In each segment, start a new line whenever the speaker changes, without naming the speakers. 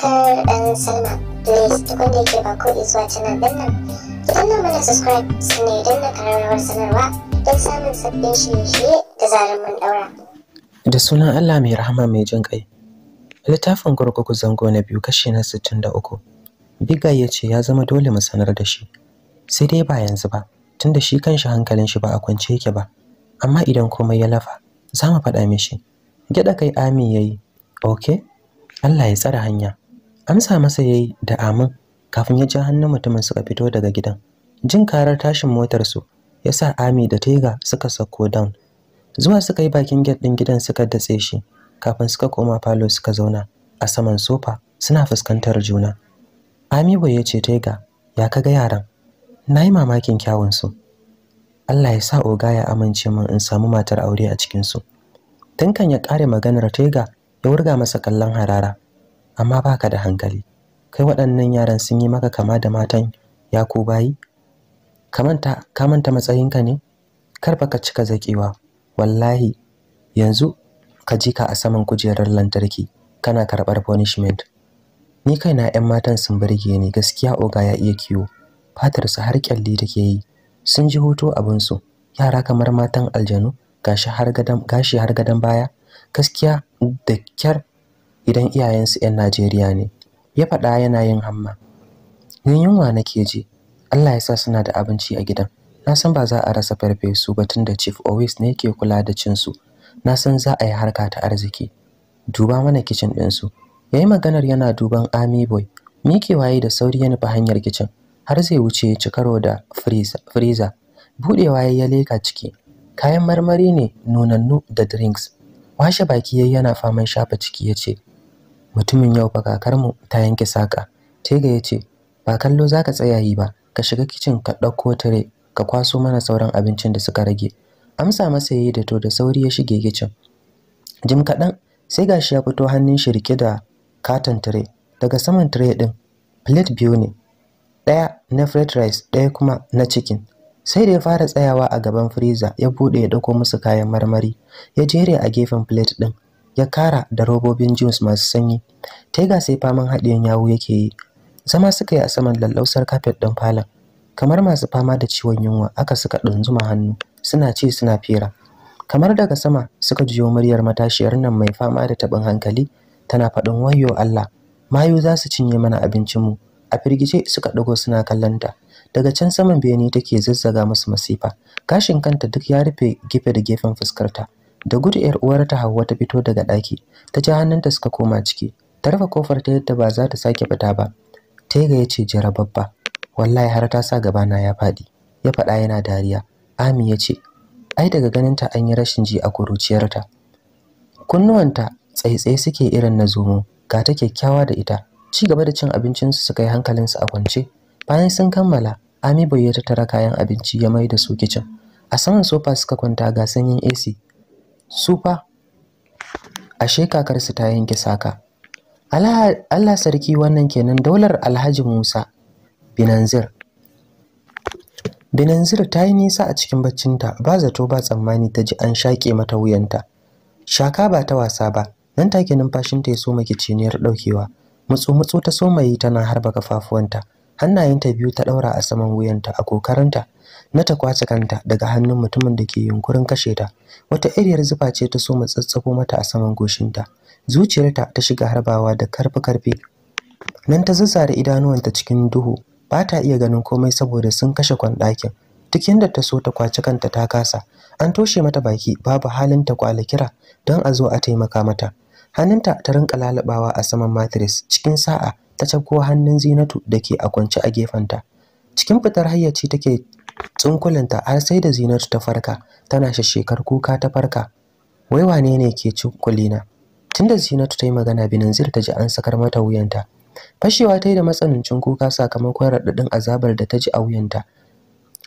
subscribe and sign up. Please tukun da yake ba ko zuwa canal din nan. Ki danna mana subscribe sannan idan na kararrawar sanarwa don samun sabbin shirye-shirye da zarar mun daura. Da sunan Allah mai rahama mai jin ƙai. Littafin gurguku zango na biyu kashi na 63. Biga ya ce ya zama dole mu sanar da shi. Sai dai ba yanzu ba, tunda shi kanshi hankalin shi ba a kwance yake ba. Amma idan komai ya lafa, za mu faɗa mishi. Gyaɗa kai Ami ya yi, Okay? Allah ya tsare hanya. amsa masa yayi da amin kafin ya ji hannun mutumin suka fito daga gidan jin karar tashin motar su yasa ami da tega suka sako down zuwa suka yi bakin gate din gidan suka datse shi kafin suka koma falo suka zauna a saman sofa suna fuskantar juna ami boye ya ce tega ya kaga yaran na yi mamakin kyawun su Allah ya sa oga ya amince min in samu matar aure a cikin su tunkan ya kare maganar Tega ya wurga masa kallon harara amma baka da hankali kai waɗannan yaran sun yi maka kama da matan yakubayi kamanta ka manta matsayinka ne kar ka cika zaƙewa wallahi yanzu ka ji ka a saman kujerar lantarki kana karɓar punishment ni kaina 'yan matan sun burge ni gaskiya oga ya iya kiwo Fatar su har kyalli take yi sun ji hoto su yara kamar matan aljanu gashi har gadan baya gaskiya da kyar idan iyayensu 'yan Najeriya ne ya faɗa yana yin hamma ni yunwa nake ji Allah ya sa suna da abinci a gidan na san ba za a rasa farfesu ba tunda Chief Owis ne ke kula da cin su na san za a yi harka ta arziki duba mana kicin ɗinsu yayi maganar yana duban Ami Boy Miki waye da sauri ya nufa hanyar kicin har zai wuce ya ci karo da freezer budewa ya leka ciki kayan marmari ne nunannu da drinks washe baki yayi yana faman shafa ciki ya ce. mutumin yau fa kakarmu ta yanke saka tega ya ce ba kallo zaka tsaya yi ba ka shiga kicin ka ɗauko tire ka kwaso mana sauran abincin da suka rage amsa masa yayi da to da sauri ya shige kicin jim kaɗan sai gashi ya fito hannun shi rike da katon tire daga saman tire ɗin plate biyu ne ɗaya na fried rice ɗaya kuma na chicken sai da ya fara tsayawa a gaban freezer ya buɗe ya dauko musu kayan marmari ya jere a gefen plate ɗin ya kara da robobin jeans masu sanyi taiga sai faman haɗiyan yawo yake yi zama suka yi a saman lallausar kafet ɗin falon kamar masu fama da ciwon yunwa aka suka ɗunzuma hannu suna ce suna fira kamar daga sama suka jiyo muryar matashiyar nan mai fama da taɓin hankali tana faɗin wayo Allah mayu za su cinye mana abincinmu a firgice suka ɗago suna kallonta daga can saman bene take zazzaga musu masifa gashin kanta duk ya rufe gefe da gefen fuskarta da gudu yar ta Hauwa ta fito daga ɗaki ta ji hannunta suka koma ciki ta rufe kofar ta yadda ba za ta sake fita ba ga ya ce jarababba wallahi har ta sa gaba na ya faɗi ya faɗa yana dariya ami ya ce ai daga ganinta an yi rashin ji a kuruciyarta kunnuwanta tsaitsaye suke irin na zomo ga ta kyakkyawa da ita ci gaba da cin abincinsu su kai hankalinsu a kwance bayan sun kammala ami bai ya tattara kayan abinci ya mai da su kicin a saman sofa suka kwanta ga sanyin ac Sufa. fa ashe kakarsu ta yanke saka Allah sarki wannan kenan daular Alhaji Musa Binanzir Binanzir ta yi nisa a cikin baccinta ba zato ba tsammani ta ji an shaƙe mata wuyanta shaka ba ta wasa ba nan take numfashinta ya so makiciniyar ɗaukewa mutsu-mutsu ta so mai tana harba kafafuwanta hannayenta biyu ta ɗaura a saman wuyanta a kokarinta na ta kwace kanta daga hannun mutumin da ke yunkurin kashe ta wata iriyar zufa ce ta so matsatsako mata a saman goshinta zuciyarta ta shiga harbawa da karfe-karfe. nan ta zazzare idanuwanta cikin duhu ba ta iya ganin komai saboda sun kashe kwanɗakin duk yadda ta so ta kwace kanta ta kasa an toshe mata baki babu halin ta kwala kira don a zo a taimaka mata hannunta ta rinka lalabawa a saman matris cikin sa'a ta cafko hannun Zinatu da ke a kwance a gefenta. Cikin fitar hayyaci take tsunkulanta har sai da Zinatu ta farka, tana shekar kuka ta farka. Wai wane ne ke na Tunda Zinatu ta yi magana Binanzir ta ji an sakar mata wuyanta. Fashewa ta yi da matsanancin kuka sakamakon raɗaɗin azabar da ta ji a wuyanta.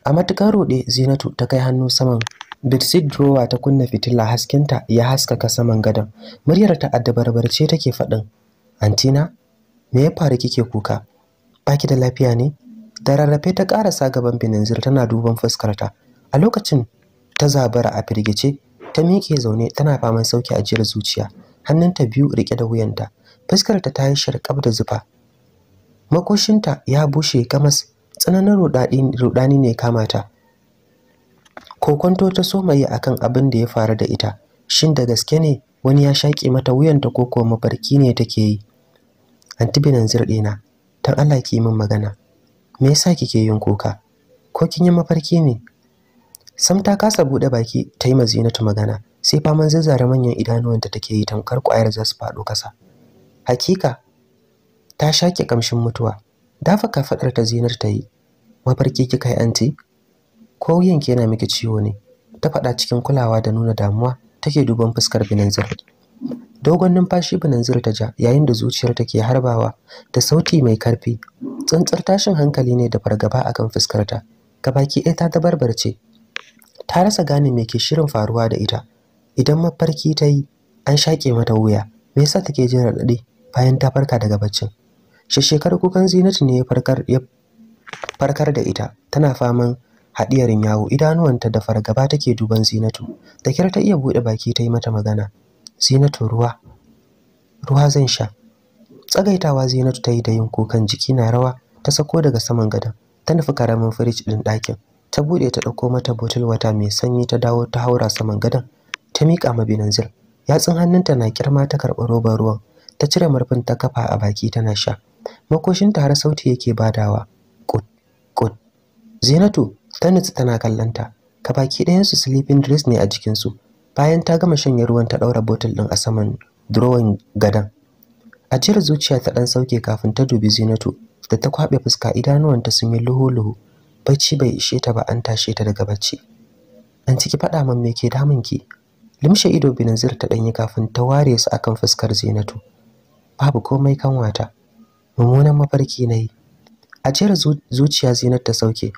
A matuƙar roɗe, Zinatu ta kai hannu saman Bitsit drawer ta kunna fitila haskenta ya haskaka saman gadon. Muryar ta addabarbarce take faɗin. Antina, me ya faru kike kuka baki da lafiya ne da rarrafe ta karasa gaban Binanzir tana duban fuskarta a lokacin ta zabara a firgice ta miƙe zaune tana faman sauki a jiyar zuciya hannunta biyu rike da wuyanta fuskarta ta yi sharkab da zufa makoshinta ya bushe kamas tsananin rudani ne kamata kokonto ta soma yi akan abin da ya faru da ita shin da gaske ne wani ya shaƙe mata wuyanta ko kuwa mafarki ne take yi anti Benanzir ɗina dan Allah ki yi min magana me yasa kike yin kuka ko kin yi mafarki ne sam ta kasa bude baki ta yi mazinatu magana sai faman zazzare manyan idanuwanta take yi tamkar kwayar za su faɗo kasa hakika ta shake kamshin mutuwa dafa kafaɗar ta zinar ta yi mafarki kika yi anti ko ke yana miki ciwo ne ta faɗa cikin kulawa da nuna damuwa take duban fuskar binanzir dogon numfashi bananzir ta ja yayin da zuciyar ta ke harbawa da sauti mai karfi tsantsar tashin hankali ne da fargaba akan fuskarta gabaki ɗaya ta tabarbarce ta rasa gane me ke shirin faruwa da ita idan mafarki ta yi an shaƙe mata wuya me yasa take jin raɗaɗi bayan ta farka daga baccin shekaru kukan zinatu ne ya farkar ya farkar da ita tana faman haɗiyar yawo idanuwanta da fargaba take duban zinatu da kyar ta iya buɗe baki ta yi mata magana Zinatu ruwa ruwa zan sha tsagaitawa Zinatu ta yi da yin kukan jiki na rawa ta sako daga saman gadon ta nufi karamin firij din ɗakin ta buɗe ta ɗauko mata bottle wata mai sanyi ta dawo ta haura saman gadon ta mika ma Binanzir yatsun hannunta na kirma ta karɓi robar ruwan ta cire murfin ta kafa a baki tana sha makoshinta har sauti yake badawa kut kut Zinatu ta nutsu tana kallanta ka baki ɗayansu sleeping dress ne a jikinsu bayan ta gama shanye ruwan ta ɗaura botul ɗin a saman drawing gadan a cire zuciya ta ɗan sauke kafin ta dubi zinatu da ta kwaɓe fuska idanuwanta sun yi luhu-luhu bacci bai ishe ta ba an tashe ta daga bacci an ciki faɗa man me ke damun ki limshe ido binazir ta yi kafin ta ware su akan fuskar zinatu babu komai kan wata mummunan mafarki na yi a cire zuciya zinatu ta sauke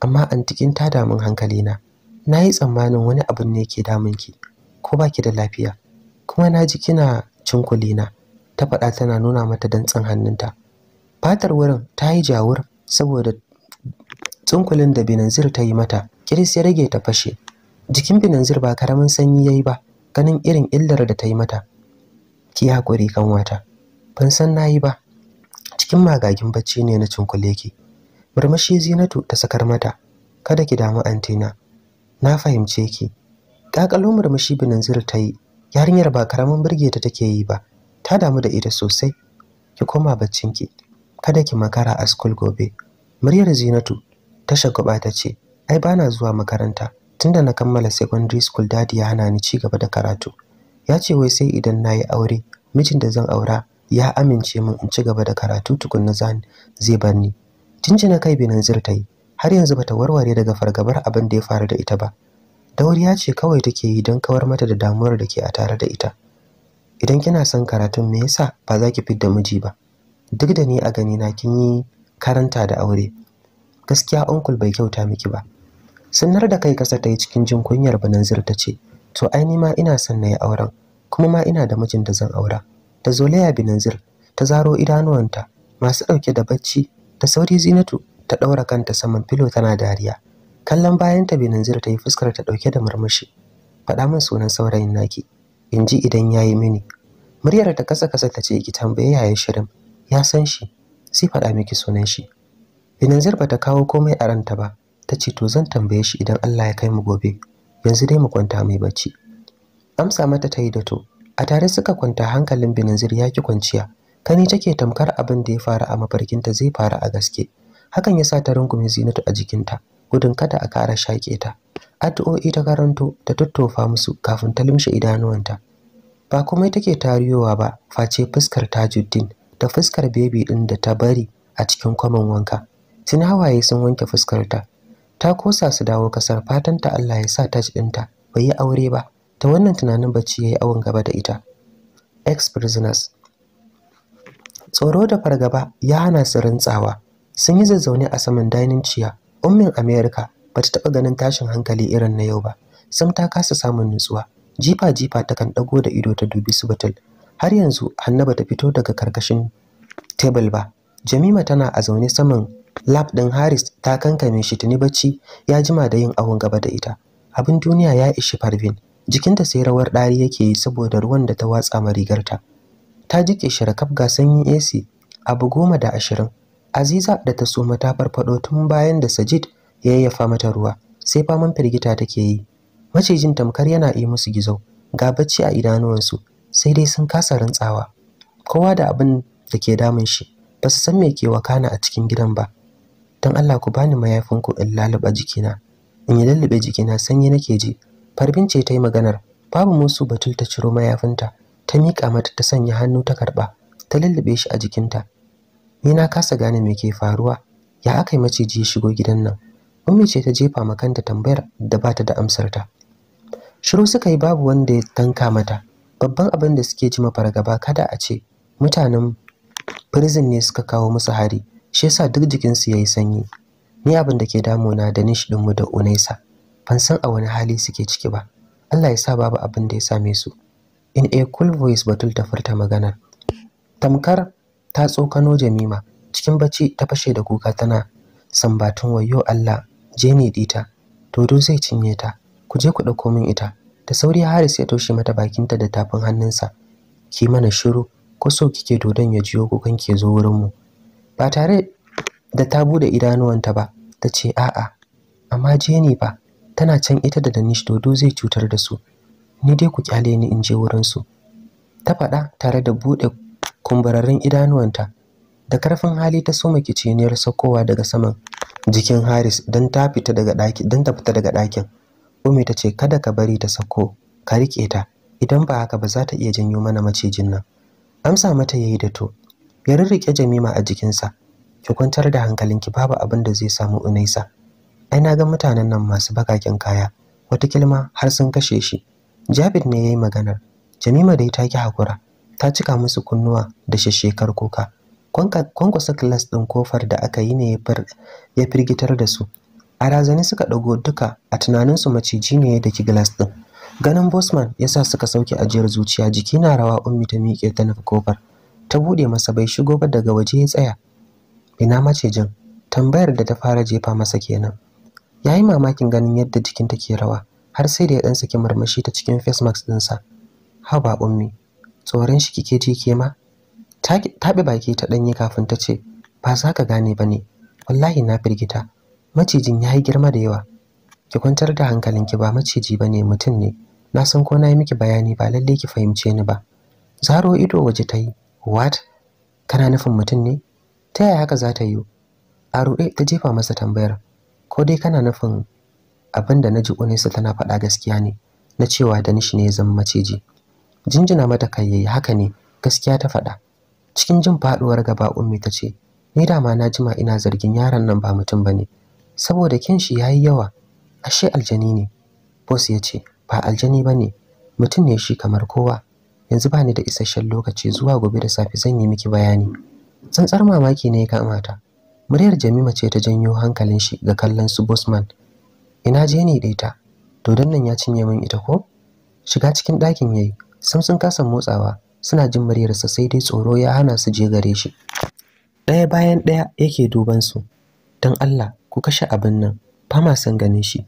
amma antikin ta damun hankalina na yi tsammanin wani abin ne ke damun ki, ko baki da lafiya kuma na ji kina na ta faɗa tana nuna mata dantsin hannunta fatar wurin ta yi jawur saboda tsunkulin da binanzir ta yi mata kiris ya rage ta fashe jikin binanzir ba karamin sanyi ya yi ba ganin irin illar da ta yi mata ki haƙuri kan wata ban san na yi ba cikin magagin bacci ne na cunkuli ki murmushi zinatu ta sakar mata kada ki damu antina na fahimce ki kakalo murmushi binanzir ta yi yarinyar ba karamin burge ta take yi ba ta damu da ita sosai ki koma baccin ki kada ki makara a school gobe muryar zinatu ta shakuba ta ce ai bana zuwa makaranta tunda na kammala secondary school dadi ya hana ni ci gaba da karatu ya ce wai sai idan nayi aure mijin da zan aura ya amince min in ci gaba da karatu tukunna zan zai bar ni na kai binanzir ta yi har yanzu bata warware daga fargabar abin da ya faru da ita ba dauriya ce kawai take yi don kawar mata da damuwar da ke a tare da ita idan kina son karatun me yasa ba za ki fidda miji ba duk da ni a gani na kin yi karanta da aure gaskiya uncle bai kyauta miki ba sunnar da kai kasa ta yi cikin jin kunyar bananzir ta ce to ai ni ma ina son na yi auren kuma ma ina da mijin da zan aura da zolaya binanzir ta zaro idanuwanta masu ɗauke da bacci da sauri zinatu ta ɗaura kanta saman filo tana dariya kallon bayan bayanta binanzir ta yi fuskar ta ɗauke da murmushi faɗa min sunan saurayin naki in ji idan ya yi mini muryar ta kasa kasa ta ce ki tambaye yayin shirin ya san shi sai faɗa miki sunan shi Binanzir ba ta kawo komai a ranta ba ta ce to zan tambaye shi idan allah ya kai mu gobe yanzu dai mu kwanta mai bacci amsa mata ta yi da to a tare suka kwanta hankalin binanzir ya ki kwanciya kani take tamkar abin da ya faru a mafarkinta zai faru a gaske hakan ya sa ta rungume zinatu a jikinta gudun kada a kara shaƙe ta addu'o'i ta karanto ta tattofa musu kafin ta limshe idanuwanta ba komai take tariyowa ba face fuskar tajuddin da fuskar bebi ɗin da ta bari a cikin kwamon wanka tun hawaye sun wanke fuskarta ta kosa su dawo kasar ta Allah ya sa taj ɗinta bai yi aure ba ta wannan tunanin bacci ya yi awon gaba da ita ex prisoners tsoro da fargaba ya hana su rintsawa sun yi zazzaune a saman dainin ciya ummin america ba ta taɓa ganin tashin hankali irin na yau ba sam ta kasa samun nutsuwa jifa jifa ta kan ɗago da ido ta dubi su batul har yanzu hanna ba ta fito daga karkashin tebul ba jamima tana a zaune saman lab ɗin haris ta kankame shi tuni bacci ya jima da yin awon gaba da ita abin duniya ya ishi farvin jikinta sai rawar ɗari yake yi saboda ruwan da ta watsa ma rigarta ta jike shi rakaf ga sanyin ac abu goma da ashirin Aziza da ta suma ta farfado tun bayan da Sajid ya yayyafa mata ruwa sai faman firgita take yi macijin tamkar yana yi musu gizo ga bacci a idanuwansu sai dai sun kasa rantsawa kowa da abin da ke damun shi ba su san me ke wakana a cikin gidan ba don Allah ku bani mayafin ku in laluba jikina in yi lalluɓe jikina sanyi nake ji farbin ce ta yi maganar babu musu batul ta ciro mayafinta ta miƙa mata ta sanya hannu ta karɓa ta lullube shi a jikinta ni na kasa gane me ke faruwa ya aka yi maciji ya shigo gidan nan ummi ce ta jefa makanta tambayar da ba ta da amsar ta shiru suka yi babu wanda ya tanka mata babban abin da suke ji fargaba kada a ce mutanen prison ne suka kawo musu hari shi yasa duk jikinsu yayi sanyi ni abin da ke na da nish mu da unaisa ban san a wani hali suke ciki ba Allah ya sa babu abin da ya same su in a cool voice batul ta furta maganar tamkar ta tsokano Jamima cikin bacci ta fashe da kuka tana sambatun wayo Allah je ne dita dodo zai cinye ta ku je ku dauko min ita da sauri Haris ya toshe mata bakinta da tafin hannunsa ki mana shiru ko so kike dodon ya jiyo ku kanke zo wurin mu ba tare da ta bude idanuwanta ba ta ce a'a amma je ne ba tana can ita da Danish dodo zai cutar da su ni dai ku kyale ni in je wurin su ta faɗa tare da bude. kumburarrun idanuwanta da karfin hali ta soma kiciniyar saukowa daga saman jikin Haris don ta fita daga ɗakin don ta fita daga ɗakin Umi ta ce kada ka bari ta sako ka rike ta idan ba haka ba za ta iya janyo mana macijin nan amsa mata yayi da to ya rirrike Jamima a jikinsa ki kwantar da hankalinki babu abin da zai samu Unaisa ai na ga mutanen nan masu bakakin kaya wata kilma har sun kashe shi Jabir ne yayi maganar Jamima dai ta ki hakura ta cika musu kunnuwa da shashekar kuka kwankwasa kilas ɗin kofar da aka yi ne ya firgitar da su a razani suka ɗago duka a tunaninsu maciji ne da daki gilas ɗin ganin bosman ya sa suka sauke ajiyar zuciya jiki na rawa ummi ta miƙe ta nufi kofar ta buɗe masa bai shigo ba daga waje ya tsaya ina macijin tambayar da ta fara jefa masa kenan ya yi mamakin ganin yadda jikinta ke rawa har sai da ya ɗan saki murmushi ta cikin face mask ɗinsa haba ummi tsoron shi kike ji ke ma taɓi baki ta ɗanyi kafin ta ce ba za ka gane ba ne wallahi na firgita macijin ya yi girma da yawa ki kwantar da hankalinki ba maciji ba ne mutum ne na san ko na yi miki bayani ba lallai ki fahimce ni ba zaro ido waje ta yi what kana nufin mutum ne ta yaya haka za ta yi a ruɗe ta jefa masa tambayar ko dai kana nufin abin da na ji unesa tana faɗa gaskiya ne na cewa da nishi ne zan maciji jinjina mata kai yayi haka ne gaskiya ta faɗa cikin jin faɗuwar gaba ummi ta ce ni da ma na jima ina zargin yaron nan ba mutum bane saboda kin shi yayi yawa ashe aljani ne boss ya ce ba aljani bane mutum ne shi kamar kowa yanzu ba ni da isasshen lokaci zuwa gobe da safe zan yi miki bayani tsantsar mamaki ne ya kamata. muryar jamima ce ta janyo hankalin shi ga kallon su bosman ina je ne daita to dan nan ya cinye min ita ko shiga cikin ɗakin yayi sam sun kasa motsawa suna jin muryarsa sai dai tsoro ya hana su je gare shi ɗaya bayan ɗaya yake duban su don Allah ku kashe abin nan fama ma san ganin shi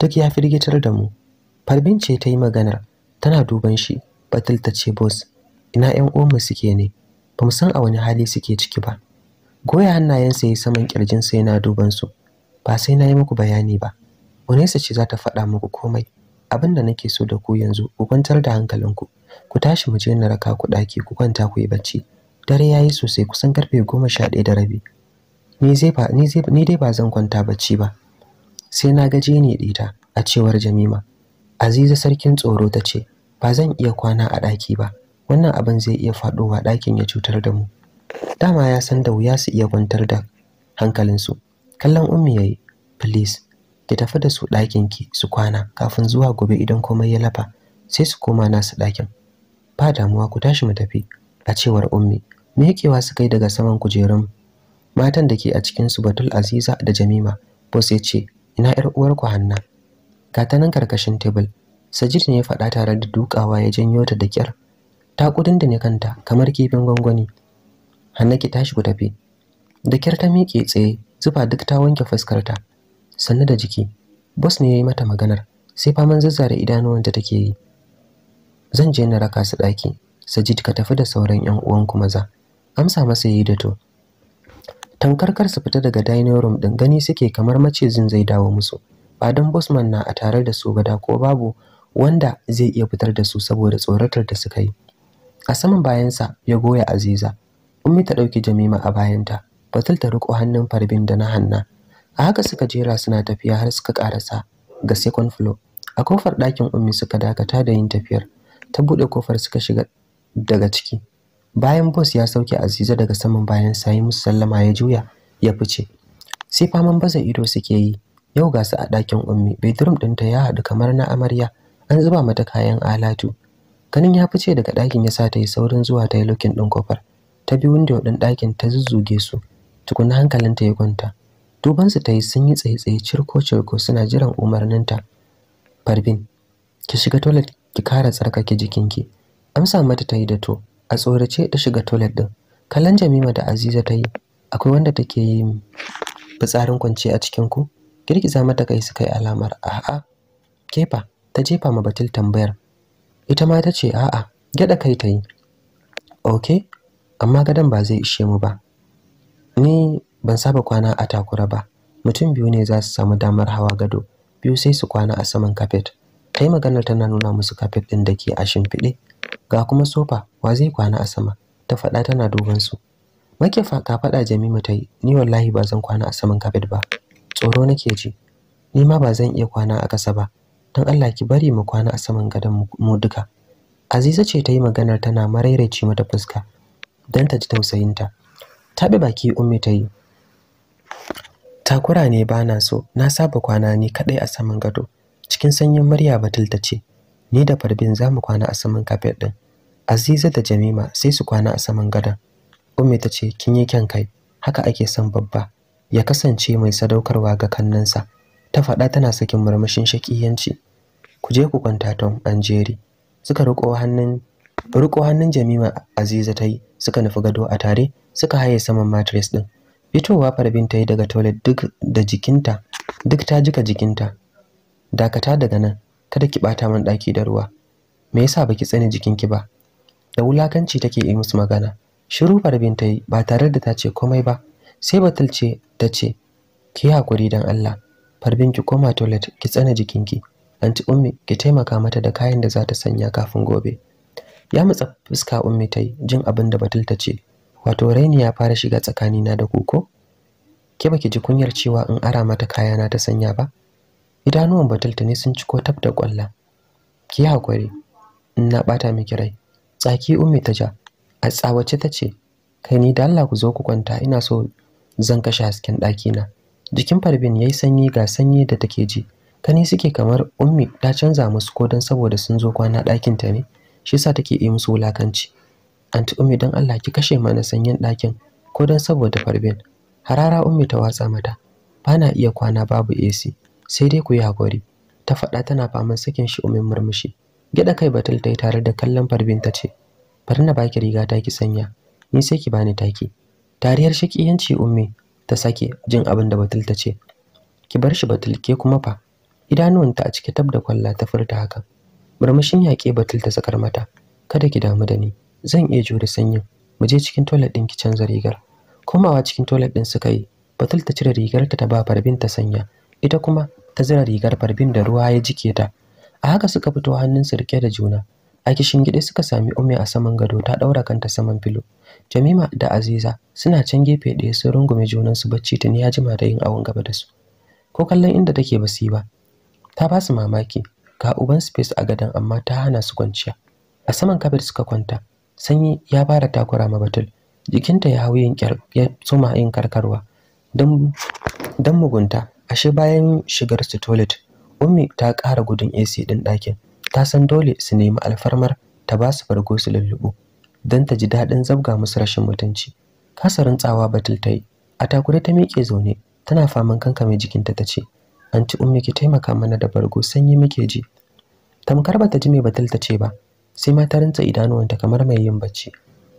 duk ya firgitar da mu farbin ce ta yi maganar tana duban shi batil ta ce boss ina yan omu suke ne ba mu san a wani hali suke ciki ba goya hannayensa ya saman kirjinsa yana duban su ba sai na yi muku bayani ba Unesa ce za ta faɗa muku komai abin da nake so da ku yanzu ku kwantar da hankalinku ku tashi mu je na raka ku daki ku kwanta ku yi bacci dare yayi sosai kusan karfe goma sha ɗaya da rabi ni zai ba ni zai ni dai ba zan kwanta bacci ba sai na gaje ne ɗita a cewar Jamima Aziza sarkin tsoro ta ce ba zan iya kwana a ɗaki ba wannan abin zai iya faɗowa ɗakin ya cutar da mu dama ya san da wuya su iya kwantar da hankalinsu kallon ummi yayi please ki tafi da su ɗakin ki su kwana kafin zuwa gobe idan komai ya lafa sai su koma nasu ɗakin ba damuwa ku tashi mu tafi a cewar ummi Me miƙewa suka yi daga saman kujerun matan da ke a cikin su batul aziza da jamima ko ya ce ina yar uwarku hanna ga ta nan karkashin tebul sajid ne ya faɗa tare da dukawa ya janyo ta da kyar ta kudin da ne kanta kamar kifin gwangwani hanna ki tashi ku tafi da kyar ta miƙe tsaye zuba duk ta wanke fuskarta sannu da jiki boss ne ya yi mata maganar sai faman zazzare idanuwanta take yi zan je na raka su daki, sajid ka tafi da sauran yan uwanku maza amsa masa yayi da to tankarkar su fita daga dining room din gani suke kamar macizin zai dawo musu ba don man na a tare da su gada ko babu wanda zai iya fitar da su saboda tsoratar da suka yi a saman bayansa ya goya aziza ummi ta ɗauki jamima a bayanta batul ta riko hannun farbin da na hanna a haka suka jera suna tafiya har suka karasa ga second floor a kofar ɗakin ummi suka dakata da yin tafiyar ta buɗe kofar suka shiga daga ciki bayan boss ya sauke aziza daga saman bayan sayi musu sallama ya juya ya fice sai faman baza ido suke yi yau ga su a ɗakin ummi bedroom ɗinta ya haɗu kamar na amarya an zuba mata kayan alatu ganin ya fice daga ɗakin ya sa ta yi saurin zuwa ta yi looking ɗin kofar ta bi window ɗin ɗakin ta zuzzuge su Tukunna hankalinta ya kwanta dubansu ta yi sun yi tsaye-tsaye cirko-cirko suna jiran umarninta farbin ki shiga toilet ki kara tsarkake jikinki amsa mata ta yi da to a tsorace ta shiga toilet din kallon jamima da aziza ta yi akwai wanda take yi fitsarin kwance a cikin ku girgiza mata kai suka yi alamar a'a kefa ta jefa ma batil tambayar ita ma ta ce a'a Gyaɗa kai ta yi okay amma gadon ba zai ishe mu ba ni ban saba kwana a takura ba mutum biyu ne za su samu damar hawa gado biyu sai su kwana a saman kafet ta yi maganar tana nuna musu kafet ɗin da ke a shimfiɗe ga kuma sofa wa zai kwana a sama ta faɗa tana duban su makefa ka faɗa jamima ta yi ni wallahi ba zan kwana a saman kafet ba tsoro nake ji ni ma ba zan iya kwana a ƙasa ba don allah ki bari mu kwana a saman gadon mu duka aziza ce ta yi maganar tana marairaici mata fuska don ta ji tausayinta taɓe baki ummi ta yi takura ne bana so na saba kwana ni kaɗai a saman gado cikin sanyin murya batul ta ce ni da farbin za mu kwana a saman kafet ɗin aziza da jamima sai su kwana a saman gadon ummi ta ce kin yi kyan kai haka ake son babba ya kasance mai sadaukarwa ga kannansa ta faɗa tana sakin murmushin shakiyanci ku je ku kwanta tom anjeri suka riƙo hannun jamima aziza ta yi suka nufi gado a tare suka haye saman mattress ɗin fitowa farbin ta yi daga toilet duk da jikinta duk ta jika jikinta dakata daga nan kada ki bata man daki da ruwa me yasa baki tsani jikinki ba da wulakanci take yi musu magana shiru farbin ta yi ba tare da ta ce komai ba sai batul ce ta ce ki hakuri dan Allah farbin ki koma toilet ki tsana jikinki anti ummi ki taimaka mata da kayan da za ta sanya kafin gobe ya matsa fuska ummi ta yi jin abin da batul ta ce wato raini ya fara shiga tsakanina da koko ke baki ji kunyar cewa in ara mata kayana ta sanya ba idanuwan batulta ne sun ciko tab da kwalla ki hakuri in na bata miki rai tsaki ummi ta ja a tsawace ta ce kai ni da Allah ku zo ku kwanta ina so zan kashe hasken ɗakina. na jikin farbin yayi sanyi ga sanyi da take ji kani suke kamar ummi ta canza musu ko dan saboda sun zo kwana ɗakinta ne shi yasa take yi musu wulakanci anti ummi don Allah ki kashe mana sanyin ɗakin ko don saboda farbin harara ummi ta watsa mata ba na iya kwana babu AC sai dai ku yi hakuri ta faɗa tana faman sakin shi umin murmushi Gyaɗa kai batul yi tare da kallon farbin ta ce bari na baki riga ta ki sanya ni sai ki bani taki dariyar shakiyanci ummi ta sake jin abin da batul ta ce ki bar shi batul ke kuma fa idanuwanta a cike tab da kwalla ta furta haka murmushin yaƙe batul ta sakar mata kada ki damu da ni zan iya jure sanyin mu je cikin toilet din ki canza rigar komawa cikin toilet din suka yi batul ta cire rigar ta ba farbin ta sanya ita kuma ta zira rigar farbin da ruwa ya jike ta a haka suka fito hannun su rike da juna a kishin gida suka sami ummi a saman gado ta daura kanta saman filo jamima da aziza suna can gefe ɗaya sun rungume su bacci tuni ya jima da yin awon gaba da su ko kallon inda take basi ba ta ba su mamaki ga uban space a gadon amma ta hana su kwanciya a saman kabir suka kwanta sanyi ya fara takura ma batul jikinta ya hau yin kyar ya suma yin karkarwa dan mugunta ashe bayan shigar su toilet ummi ta ƙara gudun AC din ɗakin ta san dole su nemi alfarmar ta ba su fargo su lullubo dan ta ji daɗin zabga musu rashin mutunci kasarin tsawa batul ta a takure ta miƙe zaune tana faman kanka mai jikinta ta ce anti ummi ki taimaka mana da bargo sanyi muke ji tamkar bata ji mai batul ta ce ba sai ma ta idanuwanta kamar mai yin bacci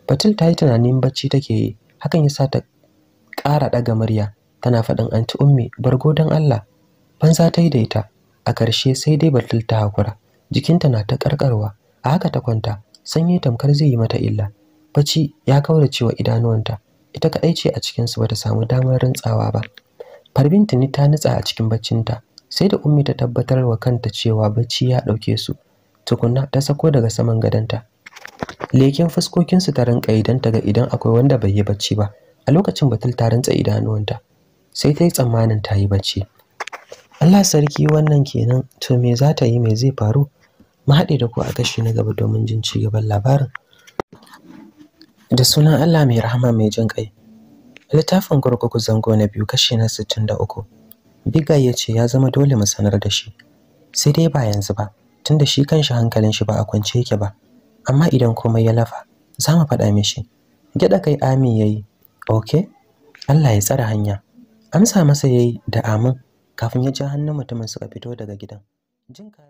batul ta yi tunanin bacci take yi hakan ya sa ta ƙara ɗaga murya tana faɗin anti ummi bargo don allah banza ta yi da ita a ƙarshe sai dai batul ta hakura jikinta na ta ƙarƙarwa a haka ta kwanta sanyi tamkar zai yi mata illa bacci ya kaura cewa idanuwanta ita kaɗai ce a cikinsu bata samu damar rintsawa ba farbin tuni ta nutsa a cikin baccinta sai da ummi ta tabbatar wa kanta cewa bacci ya ɗauke su tukunna ta sako daga saman gadonta leken fuskokinsu ta rinka idan ta ga idan akwai wanda bai yi bacci ba a lokacin batul ta rantsa idanuwanta sai ta yi tsammanin ta yi bacci Allah sarki wannan kenan to me za ta yi me zai faru mu haɗe da ku a kashi na gaba domin jin ci gaban labarin da sunan Allah mai rahama mai jin kai littafin kurkuku zango na biyu kashi na 63 biga ya ce ya zama dole mu sanar da shi sai dai ba yanzu ba tunda shi kanshi hankalin shi ba a kwance yake ba amma idan komai ya lafa za mu faɗa mishi gyaɗa kai ami ya yi ok allah ya tsare hanya amsa masa ya yi da amin kafin ya ja hannun mutumin suka fito daga gidan